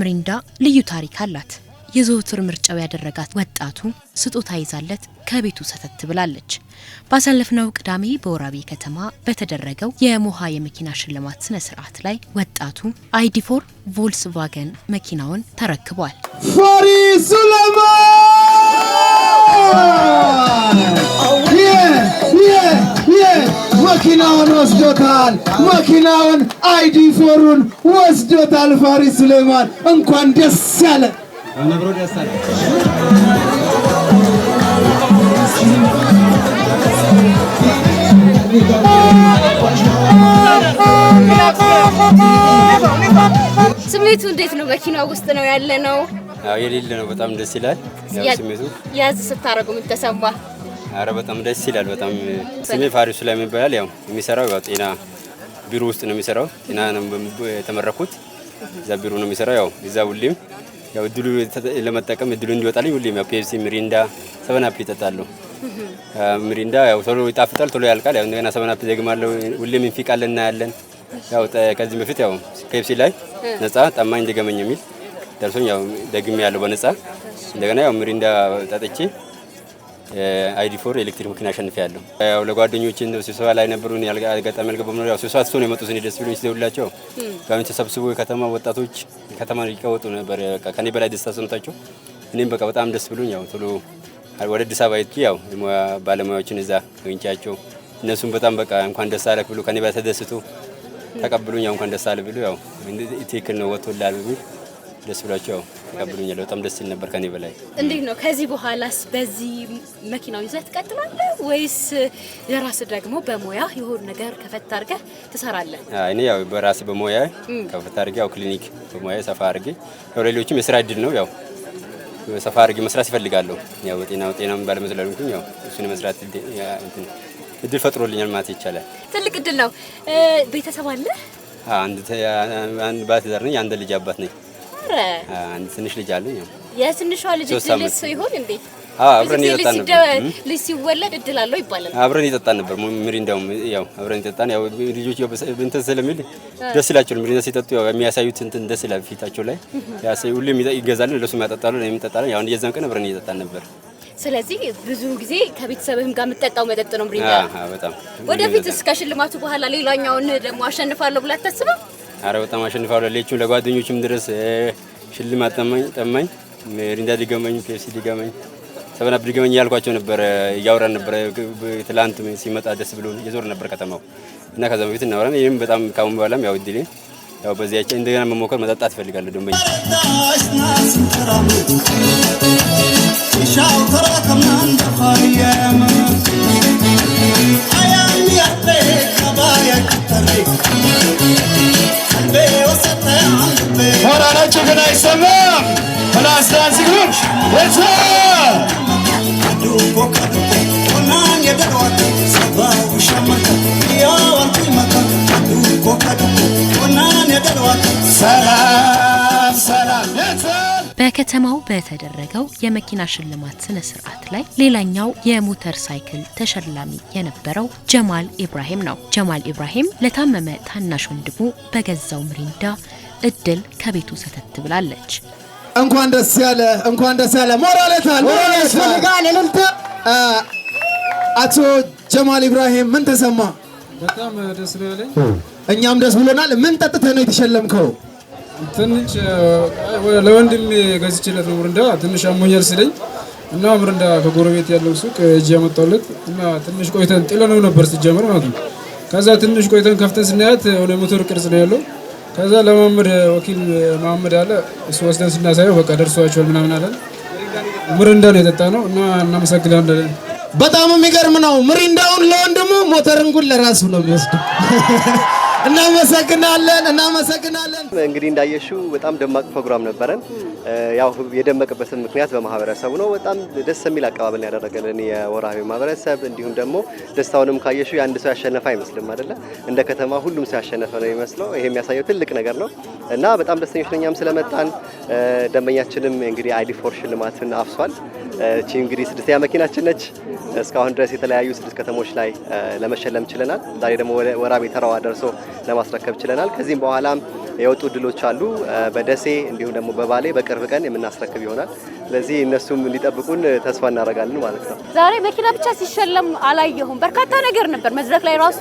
ምሪንዳ ልዩ ታሪክ አላት። የዘወትር ምርጫው ያደረጋት ወጣቱ ስጦታ ይዛለት ከቤቱ ሰተት ብላለች። ባሳለፍነው ቅዳሜ በወራቤ ከተማ በተደረገው የሞሃ የመኪና ሽልማት ስነ ስርዓት ላይ ወጣቱ አይዲፎር ቮልስቫገን መኪናውን ተረክቧል። ፋሪ ሱለማ መኪናውን ወስዶታል። መኪናውን አይዲ ፎሩን ወስዶታል። ፋሪስ ሱሌማን እንኳን ደስ ያለ ስሜቱ እንዴት ነው? መኪናው ውስጥ ነው ያለ ነው የሌለ ነው። በጣም ደስ ይላል። ያዝ ስታረጉ ምን አረ በጣም ደስ ይላል። በጣም ስሜ ፋሪሱ ላይ የሚባላል። ያው የሚሰራው ያው ጤና ቢሮ ውስጥ ነው የሚሰራው። ጤና ነው የተመረኩት፣ እዛ ቢሮ ነው የሚሰራው። ያው እዛ ሁሌም ያው እድሉ ለመጠቀም እድሉ እንዲወጣልኝ ሁሌም ያው ፔፕሲ፣ ሚሪንዳ፣ ሰበናፕ ይጠጣለሁ። ሚሪንዳ ያው ቶሎ ይጣፍጣል፣ ቶሎ ያልቃል። ያው እንደገና ሰበናፕ ደግማለሁ። ሁሌም እንፊቃለን፣ እናያለን። ያው ከዚህ በፊት ያው ፔፕሲ ላይ ነጻ ጠማኝ ድገመኝ የሚል ደርሶኝ ያው ደግሜ ያለው በነጻ እንደገና ያው ሚሪንዳ ጠጥቼ አይዲ ፎር ኤሌክትሪክ መኪና አሸንፍ ያለው ያው ለጓደኞችን ስብሰባ ላይ ነበሩ አጋጣሚ ያልገባም ነው ያው ስብሰባ ትቶ ነው የመጡት። እኔ ደስ ብሎኝ ሲደውልላቸው ጋሚ ተሰብስቦ የከተማ ወጣቶች ከተማ ይቀወጡ ነበር። ከኔ በላይ ደስታ ሰምታቸው እኔም በቃ በጣም ደስ ብሎኝ ያው ቶሎ ወደ አዲስ አበባ ሄድኩ። ያው ባለሙያዎችን እዛ አግኝቻቸው እነሱም በጣም በቃ እንኳን ደስ አለህ ብሎ ከኔ በላይ ተደስቶ ተቀብሎኝ ያው እንኳን ደስ አለህ ብሎ ያው ትክክል ነው ወጥቶላል በሚል ደስ ብሏቸው ተቀብሉኛል። በጣም ደስ ይል ነበር ከኔ በላይ። እንዴት ነው ከዚህ በኋላስ በዚህ መኪናው ይዘህ ትቀጥላለህ ወይስ ለራስህ ደግሞ በሙያ የሆኑ ነገር ከፈት አድርገህ ትሰራለህ? እኔ ያው በራሴ በሙያ ከፈት አድርጌ ያው ክሊኒክ በሙያ ሰፋ አድርጌ ለሌሎችም ሌሎችም የስራ እድል ነው ያው ሰፋ አድርጌ መስራት ይፈልጋለሁ። ያው ጤና ጤናም ባለመዝለሉኝ ያው እሱን መስራት እድል ፈጥሮልኛል ማለት ይቻላል። ትልቅ እድል ነው። ቤተሰብ አለ። አንድ ባትዘር ነኝ። አንድ ልጅ አባት ነኝ። ኧረ አንድ ትንሽ ልጅ አለኝ። የትንሿ ልጅ ልጅ ይሆን እንዴ? አዎ አብረን እየጠጣን ነበር። ልጅ ሲወለድ እድል አለው ይባላል። አብረን እየጠጣን ነበር። ሚሪንዳውም ያው አብረን እየጠጣን ያው ልጆች እንትን ስለሚል ደስ ይላቸዋል። ሚሪንዳ ሲጠጡ ያው የሚያሳዩት እንትን ደስ ይላል ፊታቸው ላይ ያሳዩ። ሁሉም ይገዛልን፣ ለሱ ያጠጣሉ፣ እኔም እጠጣለሁ። ያው የዛን ቀን አብረን እየጠጣን ነበር። ስለዚህ ብዙ ጊዜ ከቤተሰብህም ጋር የምትጠጣው መጠጥ ነው ሚሪንዳ። አዎ በጣም ወደፊት እስከ ሽልማቱ በኋላ ሌላኛውን ደግሞ አሸንፋለሁ ብላ አታስብም? አረ በጣም አሸንፋለሁ። ሌቹ ለጓደኞችም ድረስ ሽልማት ጠማኝ ጠማኝ ሪንዳ ሊገመኝ ፔፕሲ ሊገመኝ ሰበናብ ሊገመኝ ያልኳቸው ነበረ። እያወራን ነበረ ትላንት ሲመጣ ደስ ብሎ እየዞር ነበር ከተማው እና ከዛ በፊት እናወራን። ይህም በጣም ካሁን በኋላም ያው እድሌ ያው በዚያችን እንደገና መሞከር መጠጣት እፈልጋለሁ ደንበኛ አይሰማም ፕላስ ዳንሲንግ ሩም በተደረገው የመኪና ሽልማት ስነ ስርዓት ላይ ሌላኛው የሞተር ሳይክል ተሸላሚ የነበረው ጀማል ኢብራሂም ነው። ጀማል ኢብራሂም ለታመመ ታናሽ ወንድሙ በገዛው ምሪንዳ እድል ከቤቱ ሰተት ብላለች። እንኳን ደስ ያለ እንኳን ደስ ያለ ሞራሌታል ሞራሌታል አቶ ጀማል ኢብራሂም ምን ተሰማ? በጣም ደስ ነው ያለኝ። እኛም ደስ ብሎናል። ምን ጠጥተህ ነው የተሸለምከው? ትንሽ ለወንድም ገዝቼለት ነው ምርንዳ ትንሽ አሞኛል ሲለኝ እና ምርንዳ ከጎረቤት ያለው ሱቅ እጅ ያመጣለት እና ትንሽ ቆይተን ጥለ ነው ነበር ሲጀምር ማለት ነው። ከዛ ትንሽ ቆይተን ከፍተን ስናያት ወደ ሞተር ቅርጽ ነው ያለው። ከዛ ለመሐመድ ወኪል መሐመድ አለ እሱ ወስደን ስናሳየው በቃ ደርሷቸዋል ምናምን አለን። ምርንዳ ነው የጠጣ ነው እና እናመሰግናለን። በጣም የሚገርም ነው። ምሪንዳውን ለወንድሙ ሞተርን ጉድ ለራሱ ነው የሚወስደው። እናመሰግናለን እናመሰግናለን። እንግዲህ እንዳየሽው በጣም ደማቅ ፕሮግራም ነበረን። ያው የደመቀበትን ምክንያት በማህበረሰቡ ነው። በጣም ደስ የሚል አቀባበል ያደረገልን የወራቤ ማህበረሰብ፣ እንዲሁም ደግሞ ደስታውንም ካየሽው የአንድ ሰው ያሸነፈ አይመስልም አይደለ? እንደ ከተማ ሁሉም ሰው ያሸነፈ ነው የሚመስለው። ይሄ የሚያሳየው ትልቅ ነገር ነው። እና በጣም ደስተኞች እኛም ስለመጣን። ደንበኛችንም እንግዲህ አይዲ ፎር ሽልማትን አፍሷል። እቺ እንግዲህ ስድስተኛ መኪናችን ነች። እስካሁን ድረስ የተለያዩ ስድስት ከተሞች ላይ ለመሸለም ችለናል። ዛሬ ደግሞ ወራቤ ተራዋ ደርሶ ለማስረከብ ችለናል። ከዚህም በኋላም የወጡ ድሎች አሉ። በደሴ እንዲሁም ደግሞ በባሌ በቅርብ ቀን የምናስረክብ ይሆናል። ስለዚህ እነሱም እንዲጠብቁን ተስፋ እናደርጋለን ማለት ነው። ዛሬ መኪና ብቻ ሲሸለም አላየሁም። በርካታ ነገር ነበር መድረክ ላይ ራሱ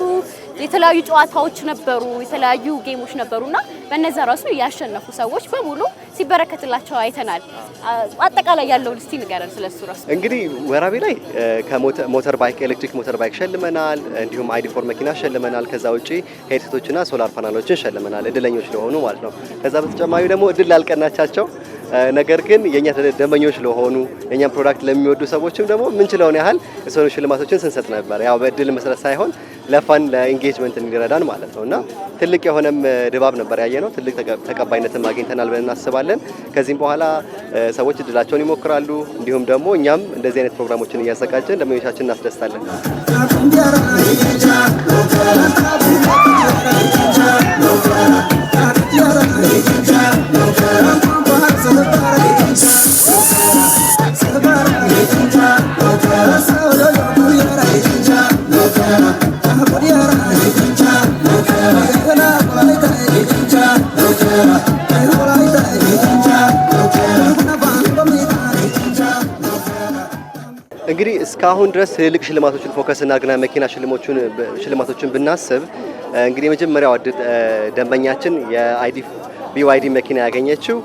የተለያዩ ጨዋታዎች ነበሩ፣ የተለያዩ ጌሞች ነበሩና በነዛ ራሱ ያሸነፉ ሰዎች በሙሉ ሲበረከትላቸው አይተናል። አጠቃላይ ያለውን እስቲ ንገረን ስለሱ ራሱ። እንግዲህ ወራቤ ላይ ከሞተር ባይክ ኤሌክትሪክ ሞተር ባይክ ሸልመናል፣ እንዲሁም ፎር መኪና ሸልመናል። ከዛ ውጪ ሄድሴቶችና ሶላር ፓናሎችን ሸልመናል፣ እድለኞች ለሆኑ ማለት ነው። ከዛ በተጨማሪ ደግሞ እድል ላልቀናቻቸው ነገር ግን የኛ ደንበኞች ለሆኑ የእኛም ፕሮዳክት ለሚወዱ ሰዎችም ደግሞ ምንችለውን ያህል የሰሆኑ ሽልማቶችን ስንሰጥ ነበር። ያው በእድል መሰረት ሳይሆን ለፋን ለኢንጌጅመንት እንዲረዳን ማለት ነው እና ትልቅ የሆነም ድባብ ነበር ያየ ነው። ትልቅ ተቀባይነትም አግኝተናል ብለን እናስባለን። ከዚህም በኋላ ሰዎች እድላቸውን ይሞክራሉ። እንዲሁም ደግሞ እኛም እንደዚህ አይነት ፕሮግራሞችን እያዘጋጀን ደንበኞቻችን እናስደስታለን። እስካሁን ድረስ ትልልቅ ሽልማቶችን ፎከስ እናግና መኪና ሽልማቶችን ብናስብ እንግዲህ የመጀመሪያው ደንበኛችን የአይዲ ቢዋይዲ መኪና ያገኘችው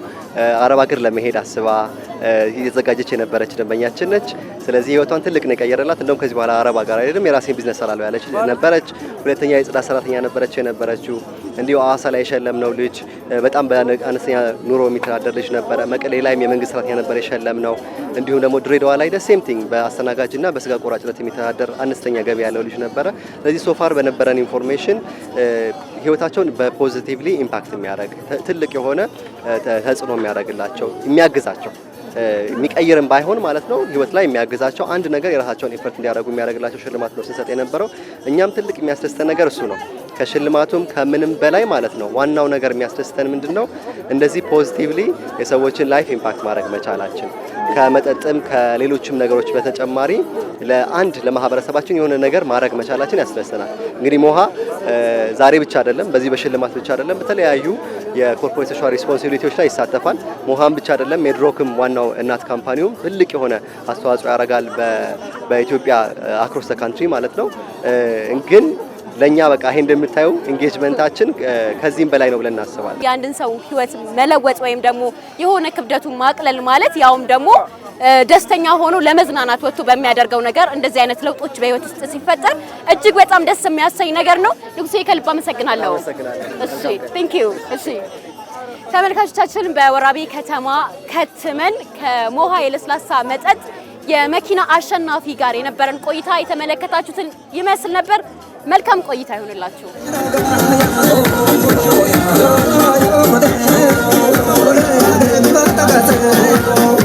አረብ ሀገር ለመሄድ አስባ እየተዘጋጀች የነበረች ደንበኛችን ነች። ስለዚህ ህይወቷን ትልቅ ነው የቀየረላት። እንደውም ከዚህ በኋላ አረብ ሀገር አይደለም የራሴን ቢዝነስ ሰራለሁ ያለች ነበረች። ሁለተኛ የጽዳት ሰራተኛ ነበረች የነበረችው። እንዲሁ አዋሳ ላይ የሸለም ነው ልጅ በጣም በአነስተኛ ኑሮ የሚተዳደር ልጅ ነበረ። መቀሌ ላይም የመንግስት ሰራተኛ ነበረ የሸለም ነው። እንዲሁም ደግሞ ድሬዳዋ ላይ ደ ሴም ቲንግ በአስተናጋጅና በስጋ ቆራጭነት የሚተዳደር አነስተኛ ገቢ ያለው ልጅ ነበረ። ስለዚህ ሶፋር በነበረን ኢንፎርሜሽን ህይወታቸውን በፖዚቲቭሊ ኢምፓክት የሚያደርግ ትልቅ የሆነ ተጽዕኖ የሚያደርግላቸው የሚያግዛቸው የሚቀይርም ባይሆን ማለት ነው ህይወት ላይ የሚያግዛቸው አንድ ነገር የራሳቸውን ኤፈርት እንዲያደርጉ የሚያደርግላቸው ሽልማት ነው ስንሰጥ የነበረው። እኛም ትልቅ የሚያስደስተን ነገር እሱ ነው። ከሽልማቱም ከምንም በላይ ማለት ነው ዋናው ነገር የሚያስደስተን ምንድን ነው? እንደዚህ ፖዚቲቭሊ የሰዎችን ላይፍ ኢምፓክት ማድረግ መቻላችን ከመጠጥም ከሌሎችም ነገሮች በተጨማሪ ለአንድ ለማህበረሰባችን የሆነ ነገር ማድረግ መቻላችን ያስደስተናል። እንግዲህ ሞሃ ዛሬ ብቻ አይደለም፣ በዚህ በሽልማት ብቻ አይደለም፣ በተለያዩ የኮርፖሬት ሶሻል ሪስፖንሲቢሊቲዎች ላይ ይሳተፋል። ሞሃም ብቻ አይደለም፣ ሜድሮክም ዋናው እናት ካምፓኒውም ትልቅ የሆነ አስተዋጽኦ ያደርጋል በኢትዮጵያ አክሮስ ካንትሪ ማለት ነው ግን ለእኛ በቃ ይሄ እንደምታዩ ኢንጌጅመንታችን ከዚህም በላይ ነው ብለን እናስባለን። የአንድን ሰው ህይወት መለወጥ ወይም ደግሞ የሆነ ክብደቱን ማቅለል ማለት ያውም ደግሞ ደስተኛ ሆኖ ለመዝናናት ወጥቶ በሚያደርገው ነገር እንደዚህ አይነት ለውጦች በህይወት ውስጥ ሲፈጠር እጅግ በጣም ደስ የሚያሰኝ ነገር ነው። ንጉሴ ከልብ አመሰግናለሁ። እሺ ዩ። እሺ ተመልካቾቻችን በወራቤ ከተማ ከትመን ከሞሃ የለስላሳ መጠጥ የመኪና አሸናፊ ጋር የነበረን ቆይታ የተመለከታችሁትን ይመስል ነበር። መልካም ቆይታ ይሁንላችሁ።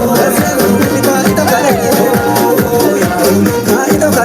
Então